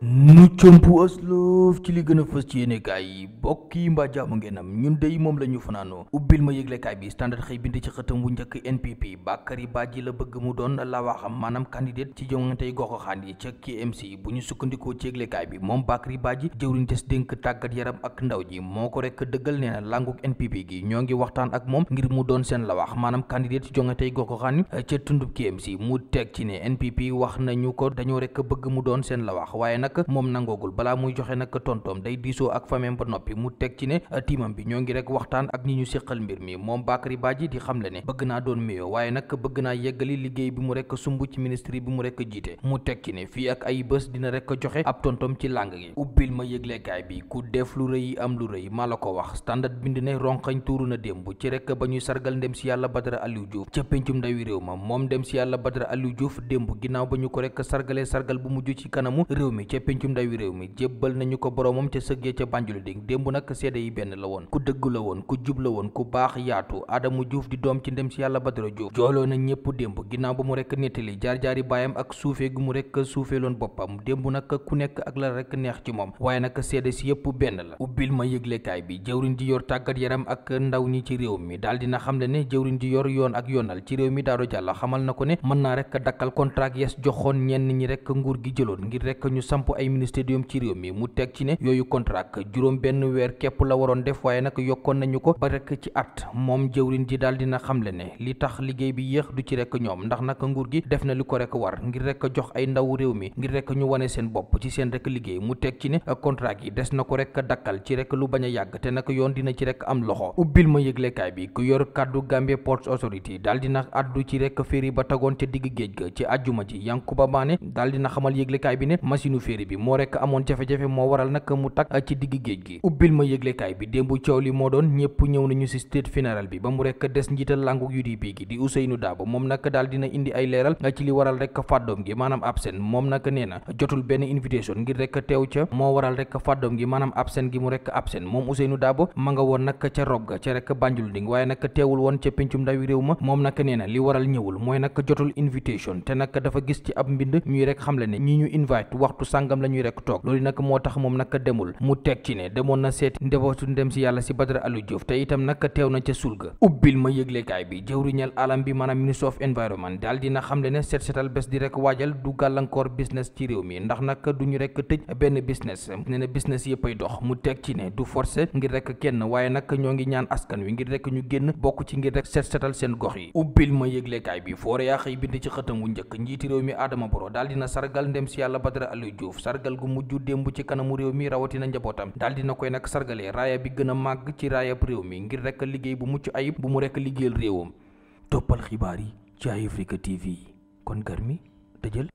nu comp asloof ci li gën a fës ci yéenekaay yi bokk yi mbaa jaamu ngeen am ñun dey moom la ñu fanaanoo ubbil ma yëglekaay bi standard xëy bind ci xëtam wu njëkk NPP Bakary Badji la bëgg mu doon la waxam maanaam candidat ci jongantey goxoxaan yi ca KMC bu ñu sukkandikoo ci yëglekaay bi moom Bakary Badji jëwriñ des dénk tàggat yaram ak ndaw ji moo ko rek dëggal nee na languk NPP gi ñoo ngi waxtaan ak moom ngir mu doon seen la wax maanaam candidat ci jongantey goxoxaan yi eh, ca tundub mu teg ci ne NPP wax nañu ko dañoo rek bëgg mu doon wax waaye nag moom nangoogul balaa muy joxe nag tontoom day diisoo ak famem ba noppi mu teg ci ne bi ñoo ngi rek mi bi mu rek sumb ci ministre bi mu fii ak ay bés dina rek joxe ab tontoom ci làng gi ubbil ma yëglekaay bi ku def lu rëy am lu rëy maa la ko wax standard bind ne ronqañ tuuru na démb ci rek ba ñuy sargal ndem si yàlla Badara Aliou Diouf ca pencum ndawi réew ma moom dem si yàlla Badara Aliou Diouf démb ginnaaw ba ñu ko rek sargalee sargal bu mujj ci kanamu réew mi ca ca pencum ndawi réew mi jébbal nañu ko boroomam ca sëggee ca Banjul di démb nag seede yi benn la woon ku dëgg la woon ku jub la woon ku baax yaatu Adama Diouf di doom ci ndem si yàlla Badara Diouf jooloo na ñëpp démb ginnaaw ba mu rekk nettali jaar-jaari baayam ak suufee gu mu rekk suufeeloon boppam démb nag ku nekk ak la rekk neex ci moom waaye nag seede si yëpp benn la ubbil ma yëglekaay bi jëwriñ di yor tàggat yaram ak ndaw ñi ci réew mi daal dina xam le ne jëwriñ di yor yoon ak yoonal ci réew mi daado jàlla xamal na ko ne mën naa rekk dakkal contrat yes joxoon ñenn ñi rekk gi samp ay mini stadium ci réew mi mu teg ci ne yooyu contrat juróom benn weer képp la waroon def waaye nag yokkoon nañu ko ba rek ci at moom jëwrin ji daal dina xamle ne li tax liggéey bi yéex du ci rekk ñoom ndax nag nguur gi def na li ko rek war ngir rek jox ay ndaw réew mi ngir rek ñu wane seen bopp ci seen rek liggéey mu teg ci ne contrat yi des na ko rek dakkal ci rek lu bañ a yàgg te nag yoon dina ci rek am loxo ubbil ma yëglekaay bi ku yor kàddu Gambia Ports Authority daal dina addu ci rek féeri ba tagoon ca digg géej ci àjjuma ji Yankuba Mané série bi moo rek amoon jafe-jafe moo waral nag mu tak ci digg géej gi ubbil ma yëglekaay bi démb coow li moo doon ñëpp ñëw nañu ci state funeral bi ba mu rek des njiital langu UDP gi di Ousseynou Dabo moom nag daal dina indi ay leeral ci li waral rek fàddoom gi maanaam absent moom nag nee na jotul benn invitation ngir rek teew ca moo waral rek fàddoom gi maanaam absent gi mu rek absent moom Ousseynou Dabo ma nga woon nag ca rob ga ca rek Banjul Nding waaye nag teewul woon ca pencum ndawi ma moom nag nee na li waral ñëwul mooy nag jotul invitation te nag dafa gis ci ab mbind ñuy rek xamle ne sàngam la ñuy rek toog loolu nag moo tax moom nag demul mu teg ci na seeti ndebootu ndem si yàlla si Badara Aliou Diouf te itam nag teew na ndax nag du ñu tëj benn business nee na business yëppay dox mu teg ci ne du forcé ngir rek kenn waaye nag ñoo ngi ñaan askan wi ngir rek ñu génn bokk ci ngir rek seet seetal seen gox yi ubbil ma yëglekaay bi foore yaa bind ci xëtam njëkk njiiti réew mi Adama Boro daal dina sargal ndem si yàlla Badara Aliou Diouf sargal gu mujj démb ci kanamu réew mi rawatina njabootam daal dina koy nag sargalee raaya bi gën a màgg ci raayab réew mi ngir rek liggéey bu mucc ayib bu mu rekk liggéeyal réewam toppal xibaar yi ci Eye Africa TV kon gar mi